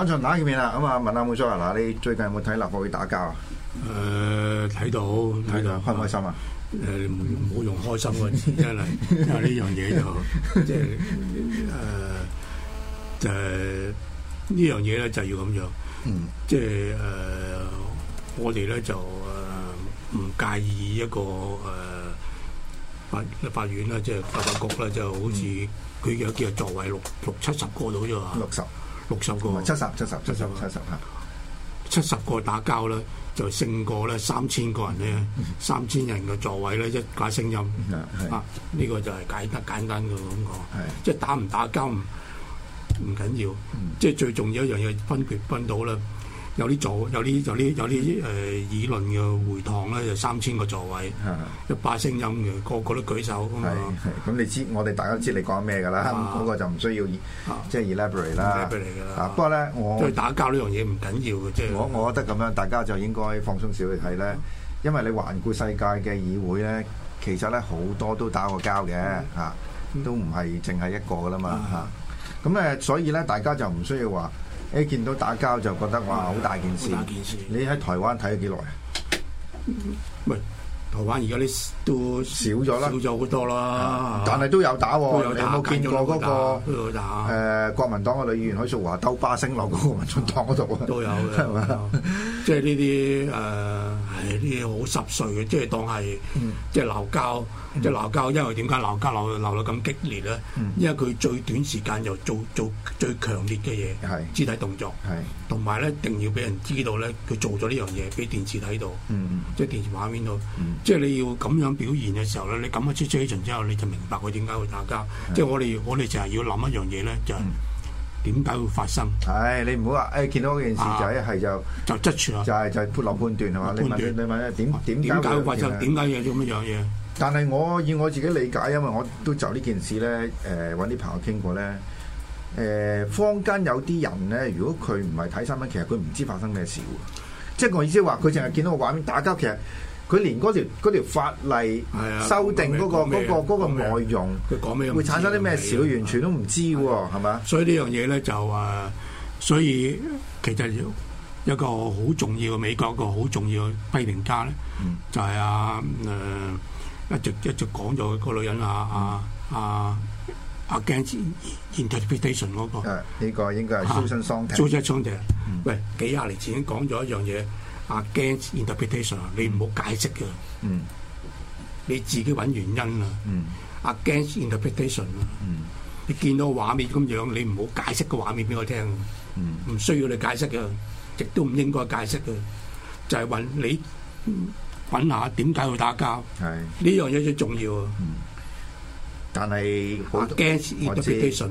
晚上打面啦，咁啊問阿妹蘇啊！嗱，你最近有冇睇立法會打交啊？誒，睇到睇到，開唔開心啊？誒，唔好用開心個字， 真係因為呢樣嘢就即係誒，就係呢樣嘢咧，就要咁樣。即係誒，我哋咧就誒唔、啊、介意一個誒、啊、法法院咧，即係法法局咧，就係就係、好似佢有幾多座位咯？六七十個到啫六十。六十個，七十、啊、七十、七十、七十，七十個打交咧，就勝過咧三千個人咧，三千、嗯、人嘅座位咧一架聲音、嗯嗯、啊，呢是個就係簡單簡單嘅咁講，是即係打唔打交唔緊要，嗯、即係最重要一樣嘢分別分到啦。有啲座，有啲有啲有啲誒議論嘅會堂咧，就三千個座位，一把聲音嘅，個個都舉手啊！係，咁你知我哋大家都知你講咩㗎啦？嗰個就唔需要即係 elaborate 啦。不過咧，我打交呢樣嘢唔緊要嘅，即係我我覺得咁樣，大家就應該放鬆少啲睇咧，因為你環顧世界嘅議會咧，其實咧好多都打過交嘅嚇，都唔係淨係一個㗎啦嘛嚇。咁誒，所以咧大家就唔需要話。一見到打交就覺得哇好大件事！好大件事！你喺台灣睇咗幾耐啊？喂，台灣而家啲都少咗啦，少咗好多啦，但係都有打喎。你有冇見過嗰個誒國民黨嘅女議員許淑華兜巴星落嗰民進黨嗰度都有嘅。即係呢啲誒呢啲好濕碎嘅，即係當係即係鬧交，即係鬧交。因為點解鬧交鬧鬧到咁激烈咧？因為佢最短時間就做做最強烈嘅嘢，肢體動作，同埋咧一定要俾人知道咧，佢做咗呢樣嘢俾電視睇到，即係電視畫面度。即係你要咁樣表現嘅時候咧，你咁一出 action 之後，你就明白佢點解會打交。即係我哋我哋就係要諗一樣嘢咧，就係。點解會發生？唉、哎，你唔好話誒，見、哎、到嗰件事就一、是、係、啊、就就質串咯，就係就判落判斷係嘛？你問你問咧點點解會發生？點解嘅咁樣嘢？但係我以我自己理解，因為我都就呢件事咧，誒、呃，搵啲朋友傾過咧，誒、呃，坊間有啲人咧，如果佢唔係睇新聞，其實佢唔知發生咩事喎。即、就、係、是、我意思話，佢淨係見到個畫面打交，其實。佢連嗰條，條法例修訂嗰、嗰個嗰、嗰個嗰、嗰個內容，佢講咩會產生啲咩事，佢、啊、完全都唔知喎，係嘛？所以呢樣嘢咧就誒，所以其實一個好重要嘅美國一個好重要嘅批評家咧，就係阿誒一直一直講咗個女人阿阿、啊、阿 j、啊、Against Interpretation 嗰、嗰個，呢、啊這個應該係 Susan Sontag 嘅。An, 啊 an, 嗯、喂，幾廿年前已經講咗一樣嘢。啊 g a n interpretation 你唔好解釋嘅，嗯，mm. 你自己揾原因啦，嗯，啊 g a n interpretation 啦，嗯，你見到畫面咁樣，你唔好解釋個畫面俾我聽，嗯，唔需要你解釋嘅，亦都唔應該解釋嘅，就係、是、問你，品下點解會打交，係，呢樣嘢最重要啊。Mm. 但係，我驚。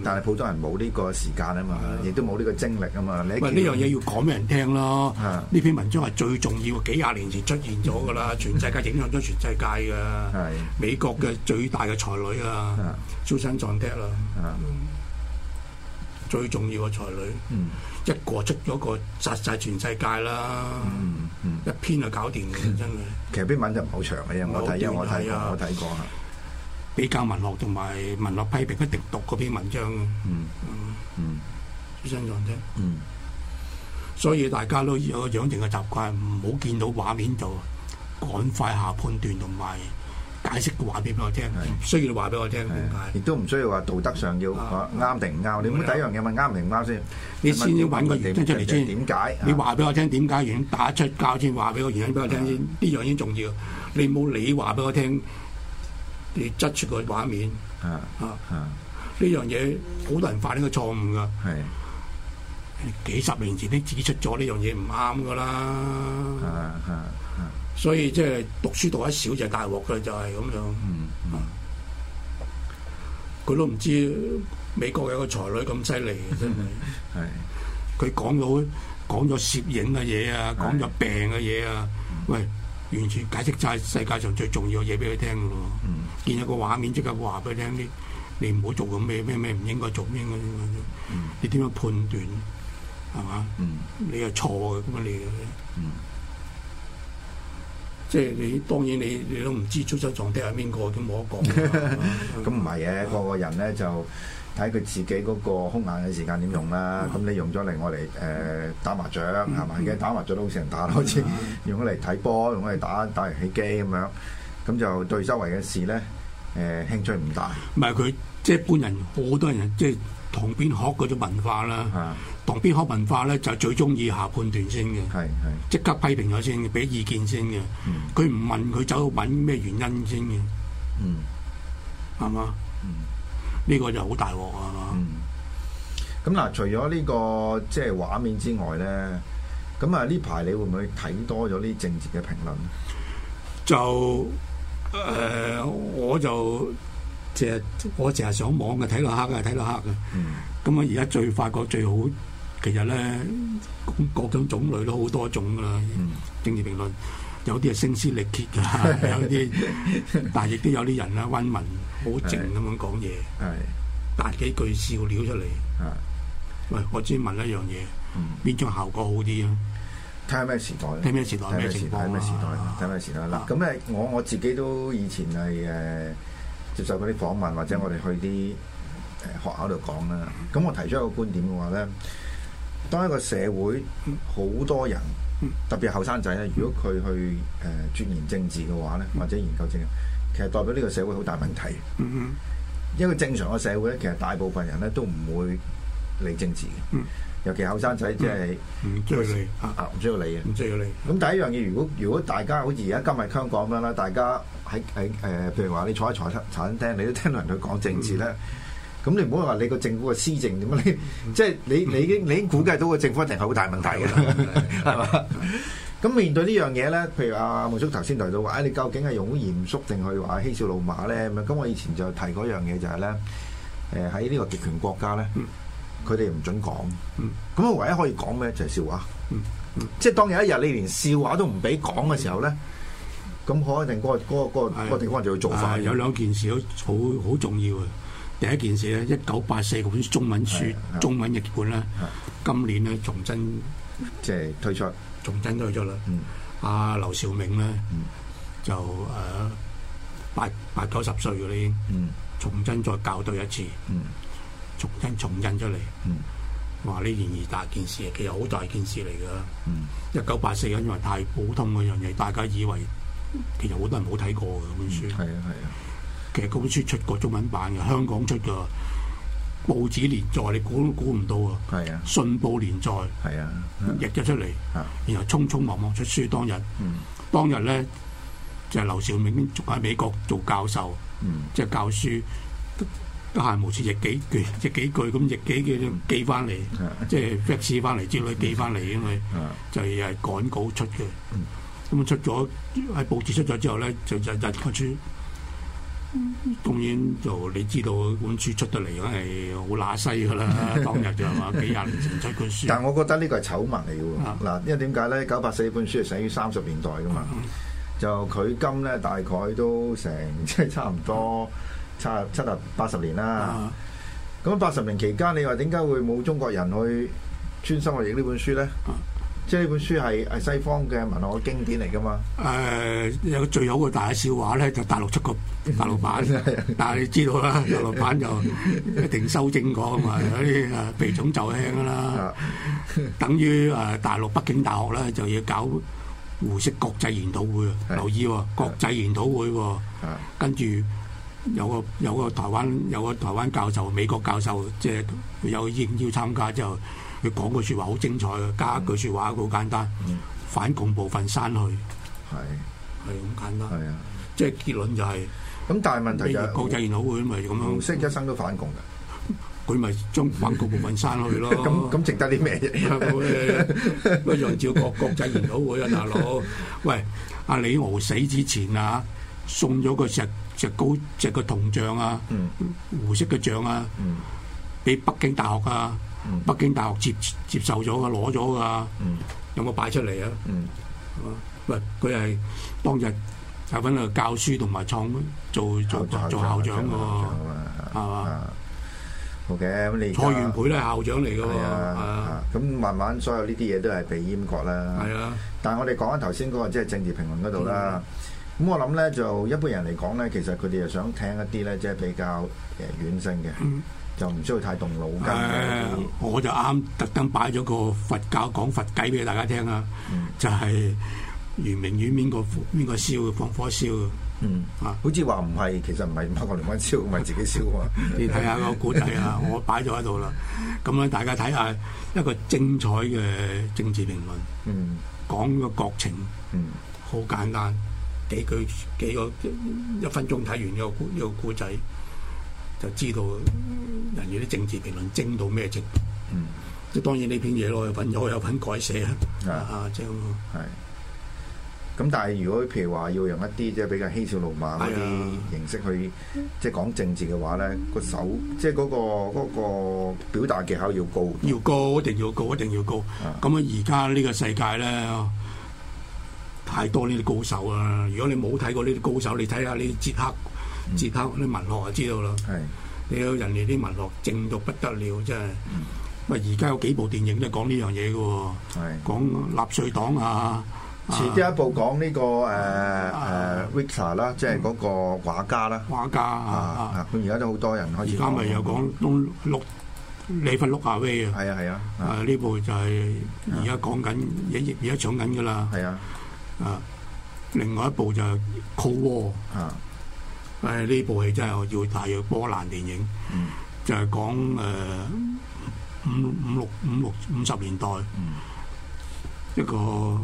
但係，好多人冇呢個時間啊嘛，亦都冇呢個精力啊嘛。喂，呢樣嘢要講俾人聽咯。呢篇文章係最重要，幾廿年前出現咗噶啦，全世界影響咗全世界噶。係美國嘅最大嘅才女啊，Susan Sontag 啊，最重要嘅才女。一個出咗個殺曬全世界啦，一篇就搞掂嘅，真係。其實篇文就唔好長嘅我睇，因為我睇過，我睇過。比較文學同埋文學批評一定讀嗰篇文章，嗯，嗯，主身啫，嗯，所以大家都有養成嘅習慣，唔好見到畫面就趕快下判斷同埋解釋個畫面俾我聽，需要你話俾我聽，亦都唔需要話道德上要啱定唔啱，你第一樣嘢問啱定唔啱先，你先要揾個原因出嚟先，點解？你話俾我聽點解，先打出交先，話俾個原因俾我聽先，呢樣先重要。你冇理話俾我聽。你執出個畫面，啊啊，呢、啊、樣嘢好多人犯呢個錯誤噶，係的幾十年前都指出咗呢的、就是、樣嘢唔啱噶啦，啊啊所以即係讀書讀得少就係大鑊噶，就係咁樣。嗯佢都唔知美國有個才女咁犀利真係。係佢的、嗯嗯、講到講咗攝影嘅嘢啊，的講咗病嘅嘢啊，喂。完全解釋晒世界上最重要嘅嘢俾佢聽嘅咯，見一個畫面即刻話俾佢聽啲，你唔好做咁咩咩咩，唔應該做咩嘅，你點樣判斷？係嘛？你係錯嘅咁啊！你，即係你當然你你都唔知出手撞啲係邊個，都冇得講。咁唔係嘅，個個人咧就。 s 睇佢自己嗰個空閒嘅時間點用啦，咁哇 你用咗嚟我嚟誒打麻雀係嘛？而、嗯、吧打麻雀都好似人打，嗯、好似用咗嚟睇波，用咗嚟打打遊戲機咁樣，咁就對周圍嘅事咧誒、呃、興趣唔大。唔係佢即係一般人，好多人即係同邊學嗰種文化啦。同邊學文化咧就最中意下判斷先嘅，係係即刻批評咗先嘅，俾意見先嘅。佢唔問佢走到咩原因先嘅，嗯係嘛？嗯嗯嗯嗯嗯嗯呢個就好大鑊、嗯、啊！咁嗱、這個，除咗呢個即係畫面之外咧，咁啊呢排你會唔會睇多咗啲政治嘅評論？就誒、呃，我就即係我成日上網嘅，睇到黑嘅，睇到黑嘅。咁啊、嗯，而家最發覺最好其實咧，各種種類都好多種㗎喇，嗯、政治評論。有啲係聲嘶力竭噶，有啲，但係亦都有啲人啦，溫文好靜咁樣講嘢，係，答幾句笑料出嚟，係。喂，我專問一樣嘢，嗯，邊種效果好啲啊？睇下咩時代，睇咩時代，咩時代啦，睇咩時代啦。咁咧，我我自己都以前係誒接受嗰啲訪問，或者我哋去啲誒學校度講啦。咁我提出一個觀點嘅話咧，當一個社會好多人。特別後生仔咧，如果佢去誒鑽、呃、研政治嘅話咧，或者研究政治，其實代表呢個社會好大問題。因為正常嘅社會咧，其實大部分人咧都唔會理政治嘅。尤其後生仔即係唔中意你啊，唔中意你啊。唔中意你。咁、啊嗯、第一樣嘢，如果如果大家好似而家今日香港咁樣啦，大家喺喺誒，譬如話你坐喺茶室茶餐廳，你都聽到人去講政治咧。嗯咁你唔好話你個政府嘅施政點啊？即係你、就是、你，你已經你已經估計到個政府一定係好大問題嘅，係嘛 吧？咁面對呢樣嘢咧，譬如阿、啊、毛叔頭先提到話、哎，你究竟係用好嚴肅定去話嬉笑怒罵咧咁？我以前就提過一樣嘢就係、是、咧，誒喺呢個極權國家咧，佢哋唔准講，咁我唯一可以講咩？就係、是、笑話，嗯嗯、即係當有一日你連笑話都唔俾講嘅時候咧，咁可能嗰、那個嗰、那個、那個那個那個地方就要做法、哎。有兩件事好好重要嘅。第一件事咧，一九八四嗰本中文書、中文譯本咧，今年咧重新，即係推出，重新推出啦。阿劉紹銘咧，就誒八八九十歲嗰啲，重新再校對一次，重新重印出嚟。話呢件二大件事，其實好大件事嚟㗎。一九八四因為太普通嗰樣嘢，大家以為其實好多人冇睇過嘅本書。係啊，係啊。其實嗰本書出過中文版嘅，香港出嘅報紙連載，你估都估唔到啊。係啊，信報連載，係啊，譯咗出嚟，然後匆匆忙忙出書當日，當日咧就係劉紹銘仲喺美國做教授，即係教書，得閒無事譯幾句，即係幾句咁譯幾句寄翻嚟，即係 fax 翻嚟之類寄翻嚟因為，就係趕稿出嘅。咁啊出咗喺報紙出咗之後咧，就日日出。當然就你知道本書出得嚟係好乸西噶啦，當日就係嘛， 幾廿年前出本書。但係我覺得呢個係醜聞嚟嘅，嗱、嗯，因為點解咧？九八四本書係寫於三十年代噶嘛，嗯嗯、就佢今咧大概都成即係差唔多差、嗯、七啊八十年啦。咁八十年期間，你話點解會冇中國人去專心去譯呢本書咧？嗯即係呢本書係係西方嘅文學嘅經典嚟㗎嘛？誒有、呃、最好嘅大笑話咧，就大陸出個大陸版， 但係你知道啦，大陸 版就一定修正過㗎嘛，所以誒避重就輕㗎啦。 等於誒大陸北京大學咧就要搞胡適國際研討會， 留意、哦、國際研討會喎、哦。 跟住有個有個台灣有個台灣教授、美國教授，即係有應邀參加之後。佢講個説話好精彩嘅，加一句説話好簡單，反共部分刪去，係係咁簡單，係啊，即係結論就係咁。但係問題就國際研討會咪咁樣胡適一生都反共嘅，佢咪將反共部分刪去咯。咁咁值得啲咩啫？乜楊兆國國際研討會啊，大佬，喂，阿李敖死之前啊，送咗個石石膏石個銅像啊，胡適嘅像啊，俾北京大學啊。北京大學接接受咗噶，攞咗噶，有冇擺出嚟啊？喂，佢係當日有份去教書同埋創做做做校長噶，係嘛？好嘅，咁你蔡元培咧係校長嚟噶，咁慢慢所有呢啲嘢都係被閹割啦。但係我哋講翻頭先嗰個即係政治評論嗰度啦。咁我諗咧，就一般人嚟講咧，其實佢哋又想聽一啲咧，即係比較誒軟性嘅。就唔需要太動腦嘅。哎呀嗯、我就啱特登擺咗個佛教講佛偈俾大家聽啊，嗯、就係圓明園面個邊個燒放火燒？嗯，啊，好似話唔係，其實唔係八國聯軍燒，唔係 自己燒 看看啊。你睇下個古仔啊，我擺咗喺度啦。咁樣，大家睇下一個精彩嘅政治評論。嗯，講個國情。好、嗯、簡單，幾句幾個，幾個一分鐘睇完呢個古古仔，就知道。人哋啲政治評論精到咩精？嗯，即係當然呢篇嘢攞嚟揾，我有份改寫是啊。啊即係咁。但係如果譬如話要用一啲即係比較嬉笑怒罵嗰啲形式去、哎、呀即係講政治嘅話咧，手嗯嗰個手即係嗰個表達技巧要高，要高一定要高，一定要高。咁啊，而家呢個世界咧，太多呢啲高手啊！如果你冇睇過呢啲高手，你睇下呢啲捷克、捷克啲、嗯、文學就知道啦。係。屌人哋啲文學正到不得了，真係。喂，而家有幾部電影都係講呢樣嘢嘅喎。係。講納粹黨啊，遲啲一部講呢個誒誒 Richter 啦，即係嗰個畫家啦。畫家啊。咁而家都好多人開始。而家咪有講《碌碌你芬碌下威》啊。係啊係啊。啊！呢部就係而家講緊，而家搶緊㗎啦。係啊。啊！另外一部就《Cold War》。啊。誒呢、哎、部戲真係我要大約波蘭電影就是，就係講誒五五六五六五十年代、嗯、一個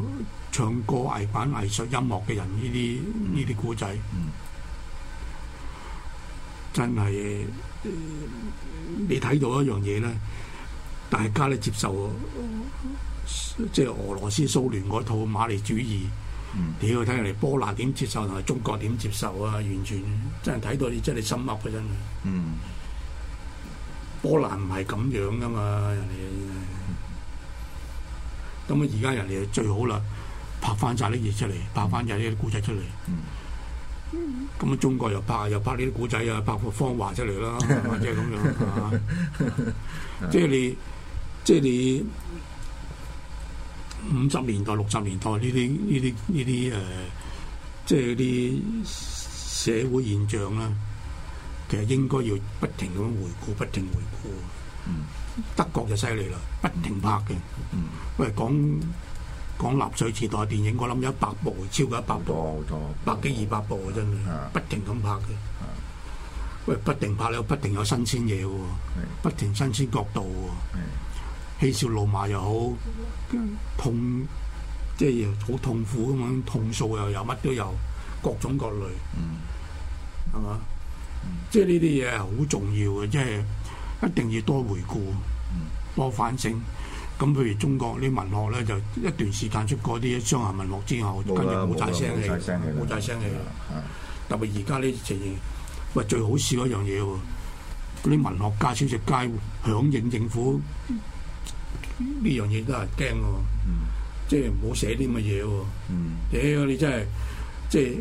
唱歌藝品藝術音樂嘅人呢啲呢啲古仔，嗯、真係你睇到一樣嘢咧，大家咧接受即係、就是、俄羅斯蘇聯嗰套馬列主義。嗯，屌！睇人哋波蘭點接受同埋中國點接受啊？完全真係睇到你真係心噏嘅真係！嗯，波蘭唔係咁樣噶嘛，人哋咁啊！而家人哋最好啦，拍翻晒啲嘢出嚟，拍翻曬啲古仔出嚟。嗯，咁啊，中國又拍又拍啲古仔啊，拍幅芳華出嚟啦，即係咁樣即係你，即係你。五十年代、六十年代呢啲呢啲呢啲誒，即係啲社會現象啦，其實應該要不停咁回顧，不停回顧。嗯、德國就犀利啦，不停拍嘅。嗯、喂，講講納粹時代電影，我諗有一百部，超過一百部，好多百幾二百部真嘅，嗯、不停咁拍嘅。嗯、喂，不停拍咧，不停有新鮮嘢喎，不停新鮮角度喎。嗯嗯嬉笑怒罵又好，痛，即係好痛苦咁樣，痛訴又有乜都有，各種各類，係嘛？即係呢啲嘢係好重要嘅，即係一定要多回顧，多反省。咁譬如中國啲文學咧，就一段時間出過啲傷痕文學之後，跟住冇晒聲氣，冇晒聲氣，特別而家呢情形，喂，最好笑一樣嘢喎，嗰啲文學家超食街響應政府。呢樣嘢都係驚喎，嗯、即係唔好寫啲咁嘅嘢喎。屌、嗯，你真係即係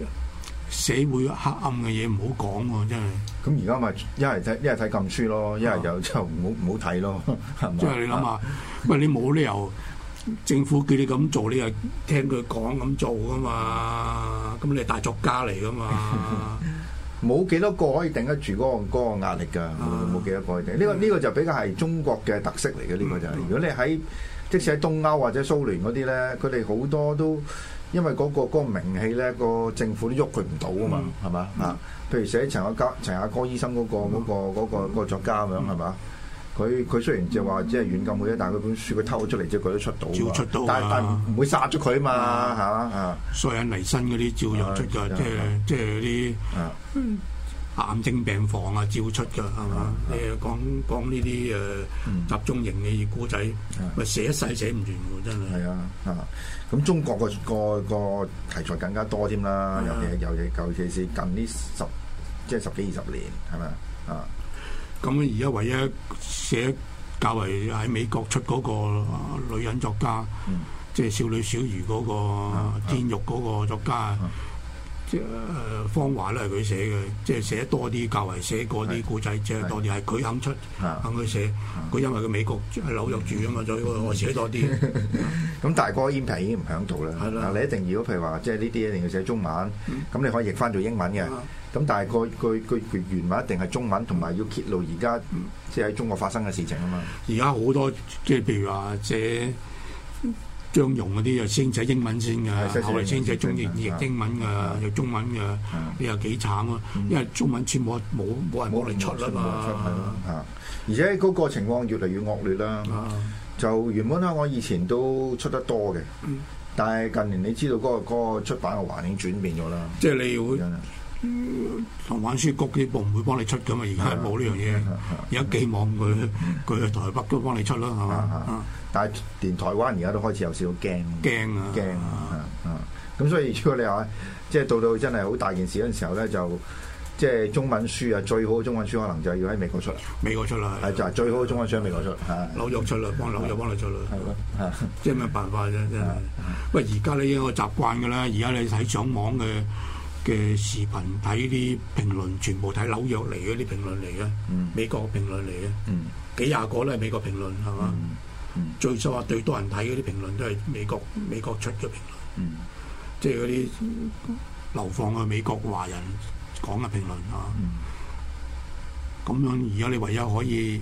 社會黑暗嘅嘢唔好講喎，嗯、真係的。咁而家咪一係睇，一係睇禁書咯，一係就就唔好唔好睇咯，係即係你諗下，喂， 你冇理由政府叫你咁做，你又聽佢講咁做噶嘛？咁你係大作家嚟噶嘛？ 冇幾多個可以頂得住嗰個嗰個壓力㗎，冇冇幾多個可以頂。呢個呢個就比較係中國嘅特色嚟嘅，呢個就係。如果你喺即使喺東歐或者蘇聯嗰啲咧，佢哋好多都因為嗰個嗰個名氣咧，個政府都喐佢唔到啊嘛，係嘛、嗯、啊？譬如寫陳友嘉、陳友嘉醫生嗰個嗰個、嗯嗰個嗰個作家咁樣，係嘛、嗯？佢佢雖然就話即係軟禁佢啫，但係嗰本書佢偷出嚟，即佢都出到、啊，但係但唔會殺咗佢嘛嚇啊！衰人離身嗰啲照又出㗎，即係即係啲癌症病房啊，照出㗎係嘛？你講講呢啲誒集中營嘅故仔，咪寫一世寫唔完喎真係。係啊，啊咁中國、嗯、個個個題材更加多添啦，尤其尤其尤其是近呢十即係十幾二十年係咪？啊！咁而家唯一寫較為喺美國出嗰個女人作家，mm. 即係少女小魚嗰、嗰個天獄嗰個作家，Mm. 誒方華咧係佢寫嘅，即係寫多啲較為寫過啲古仔，即係多啲係佢肯出，肯佢寫。佢因為佢美國紐約住啊嘛，所以我可寫多啲。咁大哥已經唔響度啦。係啦，你一定要，譬如話，即係呢啲一定要寫中文。咁你可以譯翻做英文嘅。咁但係個個個原文一定係中文，同埋要揭露而家即係喺中國發生嘅事情啊嘛。而家好多即係譬如話即張戎嗰啲又先寫英文先㗎，後來先寫中英譯英文㗎，又中文㗎，呢又幾慘啊！因為中文全部冇冇人攞嚟出啦嘛嚇，而且嗰個情況越嚟越惡劣啦。就原本咧，我以前都出得多嘅，但係近年你知道嗰個嗰個出版嘅環境轉變咗啦。即係你要。同出版局幾部唔會幫你出噶嘛，而家冇呢樣嘢。而家寄望佢，佢去台北都幫你出啦，係嘛？但係連台灣而家都開始有少少驚，驚啊！驚。咁所以如果你話即係到到真係好大件事嗰陣時候咧，就即係中文書啊，最好嘅中文書可能就要喺美國出嚟。美國出啦，就係最好嘅中文書喺美國出嚟，紐約出啦，幫紐約幫你出啦，即係咩辦法啫？即係。喂，而家你一個習慣噶啦，而家你睇上網嘅。嘅視頻睇啲評論，全部睇紐約嚟嗰啲評論嚟嘅，美國評論嚟嘅，幾廿個咧美國評論係嘛？嗯嗯、最即係最多人睇嗰啲評論都係美國美國出嘅評論，嗯、即係嗰啲流放去美國華人講嘅評論啊。咁樣而家你唯有可以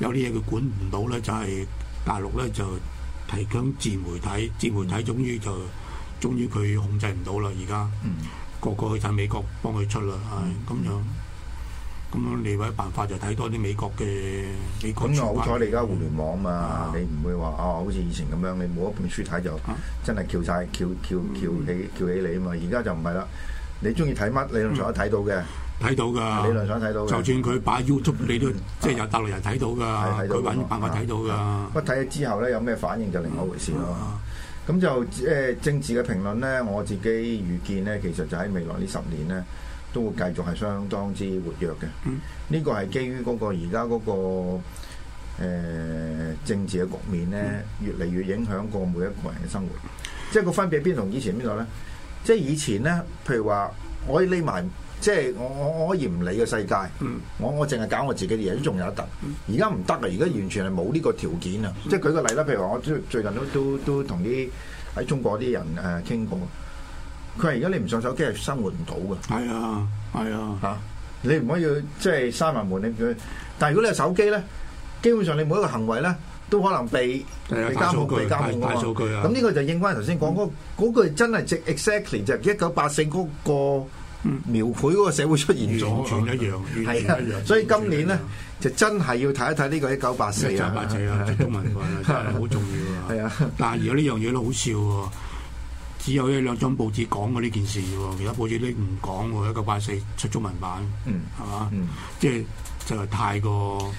有啲嘢佢管唔到咧，就係大陸咧就提供自媒體，自媒體終於就終於佢控制唔到啦而家。個個去睇美國幫佢出啦，係咁樣。咁你唯一辦法就睇多啲美國嘅美國咁啊，好彩你而家互聯網嘛，你唔會話啊，好似以前咁樣，你冇一本書睇就真係翹晒，翹翹起翹起你啊嘛。而家就唔係啦，你中意睇乜，理論上都睇到嘅，睇到㗎。理論上睇到。就算佢擺 YouTube，你都即係有大陸人睇到㗎，佢揾辦法睇到㗎。不睇之後咧，有咩反應就另外一回事咯。咁就誒、呃、政治嘅評論咧，我自己預見咧，其實就喺未來呢十年咧，都會繼續係相當之活躍嘅。嗯、呢個係基於嗰個而家嗰個、呃、政治嘅局面咧，越嚟越影響過每一個人嘅生活。即係個分別邊同以前邊度咧？即係以前咧，譬如話，我匿埋。即係我我可以唔理個世界，我我淨係搞我自己嘅嘢都仲有一得。而家唔得啊！而家完全係冇呢個條件啊！即係舉個例啦，譬如話我最近都都都同啲喺中國啲人誒，傾過，佢話而家你唔上手機係生活唔到噶。係啊係啊吓，你唔可以即係閂埋門你，但係如果你有手機咧，基本上你每一個行為咧都可能被被監控、被監控啊。咁呢個就應翻頭先講嗰句真係即係，exactly 就係一九八四嗰個。描繪嗰個社會出現完全一樣。係啊，所以今年咧就真係要睇一睇呢個一九八四啊，八四啊，中文版真係好重要啊！係啊，但係如果呢樣嘢都好笑喎，只有呢兩張報紙講過呢件事喎，其他報紙都唔講喎。一九八四出中文版，嗯，係嘛，即係就係太過。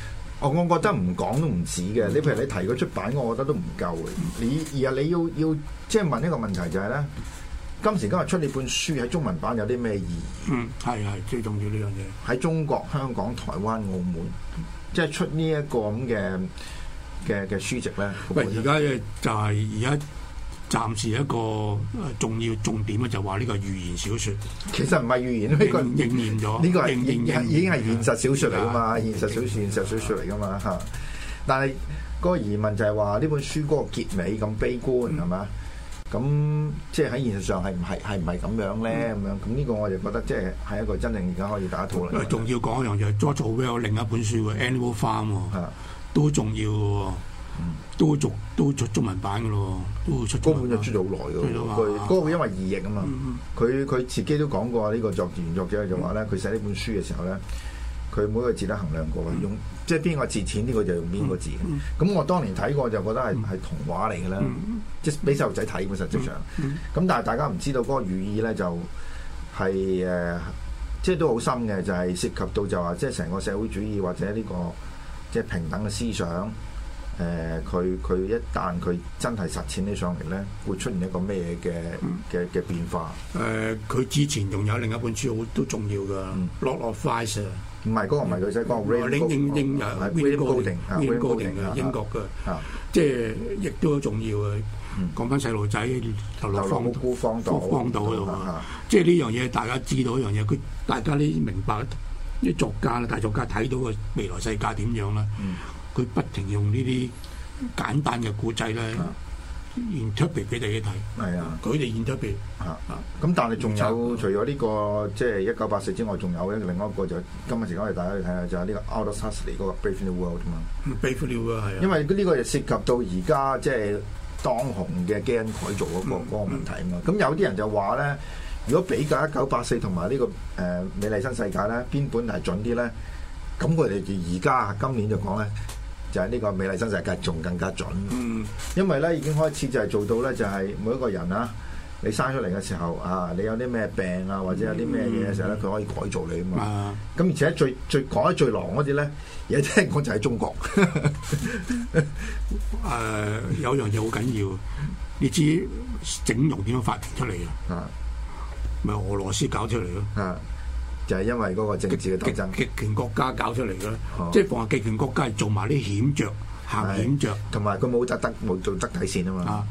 我我覺得唔講都唔止嘅，你譬如你提佢出版，我覺得都唔夠嘅。你而家你要要即係問一個問題就係咧。今時今日出呢本書喺中文版有啲咩意義？嗯，係係最重要呢樣嘢。喺中國、香港、台灣、澳門，即係出呢一個咁嘅嘅嘅書籍咧。喂，而家嘅就係而家暫時一個重要重點咧，就話呢個預言小説，其實唔係預言，呢、呢個應驗咗，呢個係已經係現實小説嚟噶嘛，認現實小説、認現實小説嚟噶嘛嚇。認但係嗰個疑問就係話呢本書嗰個結尾咁悲觀係咪、嗯嗯咁即係喺現實上係唔係係唔係咁樣咧？咁樣咁呢個我就覺得即係係一個真正而家可以打一套啦。仲要講一樣嘢，George Orwell 有另一本書喎，《Animal Farm 的》喎，都重要嘅喎、嗯，都出都出中文版嘅咯，都出。嗰本就出咗好耐嘅喎，嗰、嗰個因為異譯啊嘛，佢佢、嗯、自己都講過呢、呢個作原作者就話咧，佢、嗯、寫呢本書嘅時候咧。佢每個字都衡量過，用即係邊個字淺呢個就用邊個字，咁我當年睇過就覺得係係童話嚟嘅啦，即係俾細路仔睇。實際上咁，但係大家唔知道嗰個寓意咧，就係誒，即係都好深嘅，就係涉及到就話即係成個社會主義或者呢個即係平等嘅思想。誒，佢佢一旦佢真係實踐起上嚟咧，會出現一個咩嘅嘅嘅變化？誒，佢之前仲有另一本書好都重要嘅《l o 唔係，嗰個唔係女仔，嗰個 Raymond 高定 r 英國嘅，即係亦都好重要啊！講翻細路仔，頭落放到度，度嗰度，即係呢樣嘢大家知道一樣嘢，佢大家啲明白啲作家啦，大作家睇到個未來世界點樣啦，佢不停用呢啲簡單嘅古仔咧。特出俾佢哋睇，係啊，佢哋演特嚟，啊咁、啊、但係仲有，嗯、除咗呢、這個即係一九八四之外，仲有咧另外一個就今日時間我哋大家去睇下，就係、是、呢個 Aldous Huxley 嗰個《Brave New World》啊嘛。嗯，悲觀啲喎，因為呢個又涉及到而家即係當紅嘅基因改造嗰個嗰個問題啊嘛。咁、嗯嗯、有啲人就話咧，如果比較一九八四同埋呢個誒、呃、美麗新世界咧，邊本係準啲咧？咁佢哋而家今年就講咧。就係呢個美麗新世界，仲更加準。嗯，因為咧已經開始就係做到咧，就係每一個人啊，你生出嚟嘅時候啊，你有啲咩病啊，或者有啲咩嘢嘅時候咧，佢、嗯、可以改造你啊嘛。咁、啊、而且最最改得最，最狼嗰啲咧，而家聽講就喺中國。誒、 啊，有樣嘢好緊要，你知整容點樣發明出嚟嘅？啊，咪、啊、俄羅斯搞出嚟咯。啊！啊就係因為嗰個政治嘅鬥爭，極權國家搞出嚟嘅咧，哦、即係放下極權國家做埋啲險著，行險著，同埋佢冇得得冇做得底線啊嘛。啊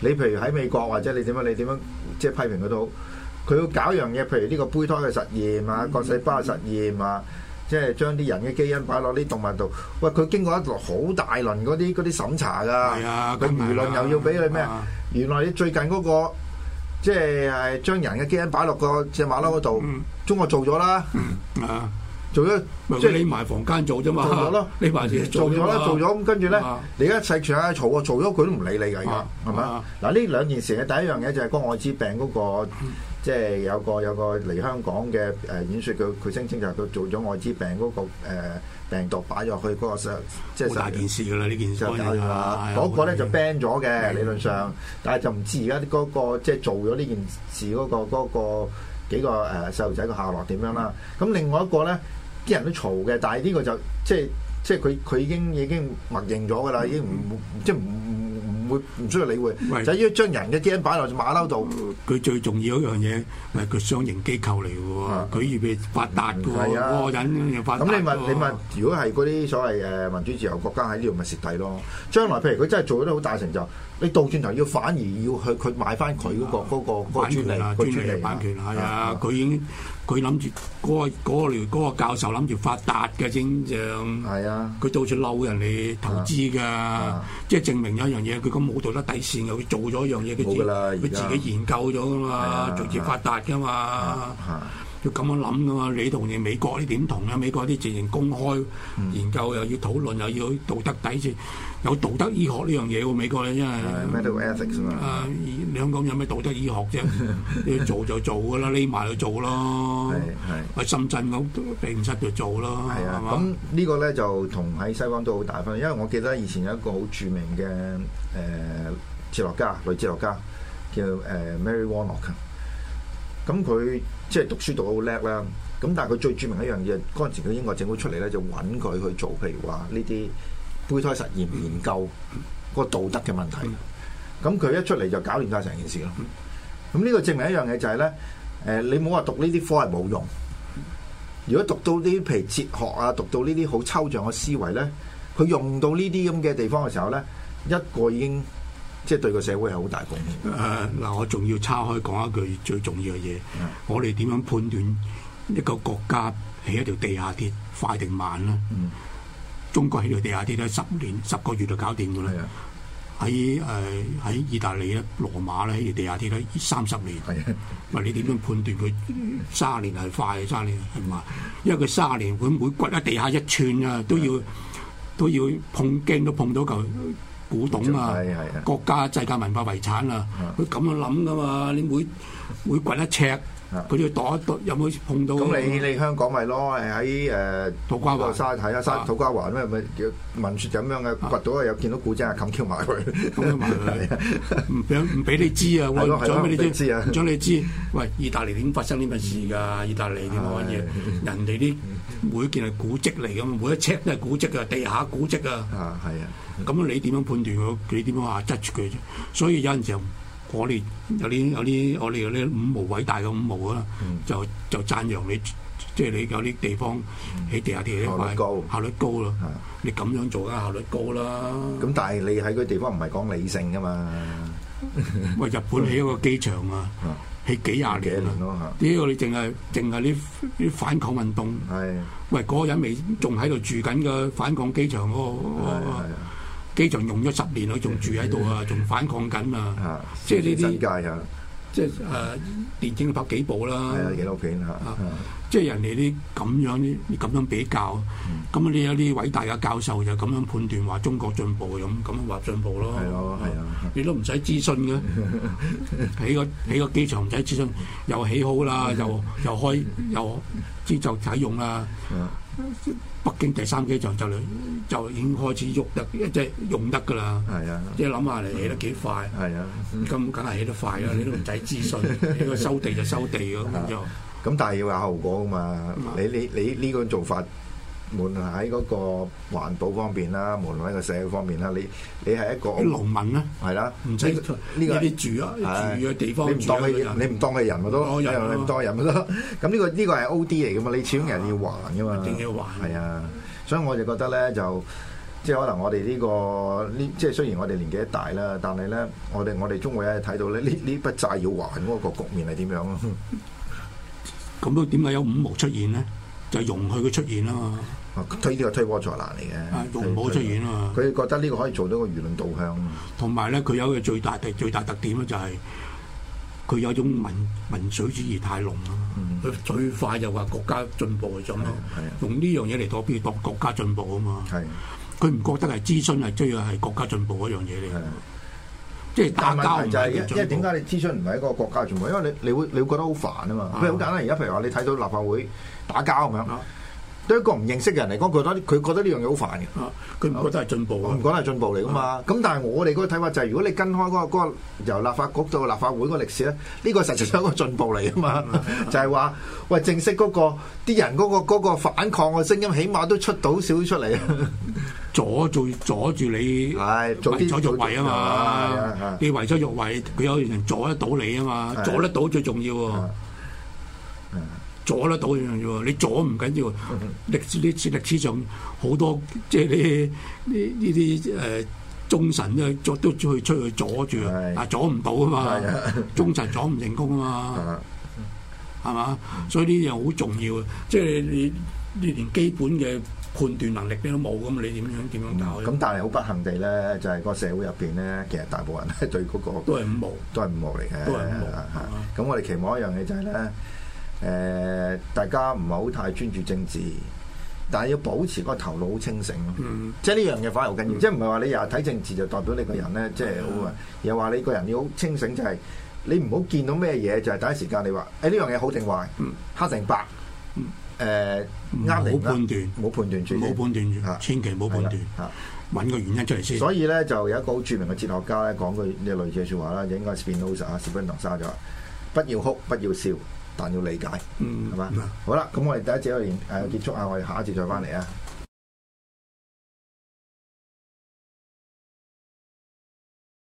你譬如喺美國或者你點樣你點樣，即係、就是、批評佢都好。佢要搞一樣嘢，譬如呢個胚胎嘅實驗啊，個細胞嘅實驗啊，即係、嗯、將啲人嘅基因擺落啲動物度。喂，佢經過一輪好大輪嗰啲嗰啲審查㗎。係啊，佢輿論又要俾佢咩？啊啊、原來你最近嗰、那個。即係將人嘅基因擺落個隻馬騮嗰度，中國做咗啦，啊，做咗即係匿埋房間做啫嘛，做咗咯，匿埋做，做咗，做咗，咁跟住咧，你而家世傳阿曹啊，做咗佢都唔理你噶而家，係咪？嗱，呢兩件事嘅第一樣嘢就係愛滋病嗰個。即係有個有個嚟香港嘅誒演説，佢佢聲稱就係佢做咗艾滋病嗰個病毒擺咗去嗰、那個即係好大件事噶啦呢件事，嗰吧、哎、個咧、哎、就 ban 咗嘅理論上，但係就唔知而家嗰個即係、就是、做咗呢件事嗰、那個嗰、那個幾個細路仔嘅下落點樣啦。咁另外一個咧，啲人都嘈嘅，但係呢個就即係即係佢佢已經已經默認咗噶啦，已經唔、嗯、即係唔。會唔需要理會，是就要將人嘅基因擺落馬騮度。佢最重要一樣嘢，咪個雙型機構嚟嘅喎，佢要俾發達嘅喎。咁、啊、你問你問，如果係嗰啲所謂誒民主自由國家喺呢度咪蝕底咯？將來譬如佢真係做咗啲好大成就。你倒轉頭要反而要去佢買翻佢嗰個嗰個專利、專利，版權係啊！佢已經佢諗住嗰個嗰個教授諗住發達嘅景象係啊！佢到處嬲人哋投資㗎，即係證明有一樣嘢，佢咁冇道德底線嘅，佢做咗一樣嘢，佢自佢自己研究咗㗎嘛，逐漸發達㗎嘛。要咁樣諗噶嘛？你同你美國呢點同咧？美國啲直情公開研究、嗯、又要討論又要道德底線，有道德醫學呢樣嘢喎？美國咧，真係咩都 ethics 嘛。香港、啊啊、有咩道德醫學啫？要 做就做噶啦，匿埋 是去做咯。係係，喺深圳我都避唔出就做咯。係啊，咁吧呢個咧就同喺西方都好大分別。因為我記得以前有一個好著名嘅誒、呃、哲學家，女哲學家叫誒、呃、Mary Warnock。咁佢、嗯、即係讀書讀得好叻啦，咁但係佢最著名一樣嘢，嗰陣時個英國政府出嚟咧就揾佢去做，譬如話呢啲胚胎實驗研究個道德嘅問題。咁佢、嗯嗯嗯、一出嚟就搞掂晒成件事咯。咁、嗯、呢、嗯嗯呢個證明一樣嘢就係、是、咧，誒、呃、你冇話讀呢啲科係冇用。如果讀到呢啲譬如哲學啊，讀到呢啲好抽象嘅思維咧，佢用到呢啲咁嘅地方嘅時候咧，一個已經。即係對個社會係好大貢獻、呃。誒、呃、嗱，我仲要叉開講一句最重要嘅嘢。嗯、我哋點樣判斷一個國家起一條地下鐵快定慢咧、啊？嗯、中國起條地下鐵咧，十年十個月就搞掂㗎啦。喺誒喺意大利咧，羅馬咧起條地下鐵咧，三十年。唔係、嗯、你點樣判斷佢卅 年係快啊？卅年係嘛？因為佢卅年，唔每掘一地下一寸啊，都要都要,都要碰鏡,鏡都碰到嚿。古董啊，嗯、國家、世界文化遺產啊，佢咁、嗯、樣諗噶嘛，你每每掘一尺。佢要度一度，有冇好似碰到？咁你你香港咪咯？喺誒土瓜灣個沙睇啊，沙土瓜灣咩？咪文説就咁樣嘅，掘到有見到古蹟啊，冚敲埋佢，唔俾唔俾你知啊！我唔想你知啊，唔想你知。喂，意大利點發生呢份事㗎？意大利點乜嘢？人哋啲每件係古蹟嚟㗎嘛，每一尺都係古蹟啊，地下古蹟啊。啊，係啊。咁你點樣判斷？佢點樣話執住佢？所以有陣時又。我哋有啲有啲，我哋有啲五毛偉大嘅五毛啊，嗯、就就讚揚你，即係你有啲地方喺地下鐵，效率高，效率高咯。的你咁樣做梗係效率高啦。咁但係你喺嗰地方唔係講理性㗎嘛？喂， 日本起一個機場啊，起幾廿年，呢個你淨係淨係呢啲反抗運動。的喂，嗰個人未仲喺度住緊嘅反抗機場、啊的機場用咗十年，佢仲住喺度啊，仲反抗緊啊！即係呢啲，即係誒電影拍幾部啦。係 啊，紀錄片嚇。即係人哋啲咁樣啲咁樣比較，咁你有啲偉大嘅教授就咁樣判斷話中國進步咁，咁話進步咯。係啊，係 啊，哦哦、 你都唔使諮詢嘅。喺個起個機場唔使諮詢，又起好啦， 又開又開又節就使用啦。 北京第三機場就就已經開始喐得，即係用得㗎啦。係啊，即係諗下嚟起得幾快。係啊，咁梗係起得快啦、啊。嗯、你都唔使諮詢， 應該收地就收地咁、啊啊、就。咁但係要有後果㗎嘛？啊、你你你呢個做法。無論喺嗰個環保方面啦，無論喺個社會方面啦，你你係一個啲農民咧，係啦，唔使呢個你住啊，住嘅地方，你唔當佢，你唔當佢人咪都，唔當人咪都。咁呢個呢個係 OD 嚟噶嘛？你始終人要還噶嘛？一定要還。係啊，所以我就覺得咧，就即係可能我哋呢個呢，即係雖然我哋年紀大啦，但係咧，我哋我哋終會咧睇到咧，呢呢筆債要還嗰個局面係點樣啊？咁都點解有五毛出現咧？就容許佢出現啊嘛！推呢個推波助瀾嚟嘅，唔好出現啊！佢覺得呢個可以做到個輿論導向。同埋咧，佢有個最大特最大特點咧，就係佢有種民民粹主義太濃啦。佢最快就話國家進步咁咯。用呢樣嘢嚟躲避當國家進步啊嘛。佢唔覺得係諮詢係追求係國家進步嗰樣嘢嚟。即係打交唔係因為點解你諮詢唔係一個國家進步？因為你你會你會覺得好煩啊嘛。好簡單，而家譬如話你睇到立法會打交咁樣。對一個唔認識嘅人嚟講，佢覺得佢覺得呢樣嘢好煩嘅。啊，佢唔覺得係進步啊？唔覺得係進步嚟噶嘛？咁但係我哋嗰個睇法就係，如果你跟開嗰個由立法局到立法會嗰個歷史咧，呢個實質係一個進步嚟噶嘛？就係話，喂，正式嗰個啲人嗰個反抗嘅聲音，起碼都出到少少出嚟啦。阻住阻住你，係，阻住位啊嘛！你為之著位，佢有人阻得到你啊嘛？阻得到最重要。阻得到呢樣嘢喎？你阻唔緊要？歷史，歷史上好多，即、就、係、是、你呢呢啲誒忠臣啊，作都去出去阻住，但、啊、阻唔到啊嘛！的忠臣阻唔成功啊嘛，係嘛？所以呢樣好重要啊！即係 你你，你連基本嘅判斷能力你都冇咁，你點樣點、嗯、樣教？咁但係好不幸地咧，就係個社會入邊咧，其實大部分人對嗰個都係五毛，都係五毛嚟嘅。都係五毛。咁我哋期望一樣嘢就係咧。誒，大家唔好太專注政治，但係要保持個頭腦好清醒咯。即係呢樣嘢反而好緊要，即係唔係話你日日睇政治就代表你個人咧，即係好啊。又話你個人要好清醒，就係你唔好見到咩嘢就係第一時間你話誒呢樣嘢好定壞，黑定白。誒，唔好判斷，唔好判斷住，唔好判斷住，千祈唔好判斷，吓，揾個原因出嚟先。所以咧就有一個好著名嘅哲學家咧講句嘅類似嘅說話啦，就應該 Spinoza，Spinoza 就話：不要哭，不要笑。但要理解，嗯，係嘛吧？ 好啦，咁我哋第一節我哋誒結束啊，嗯、我哋下一節再翻嚟啊。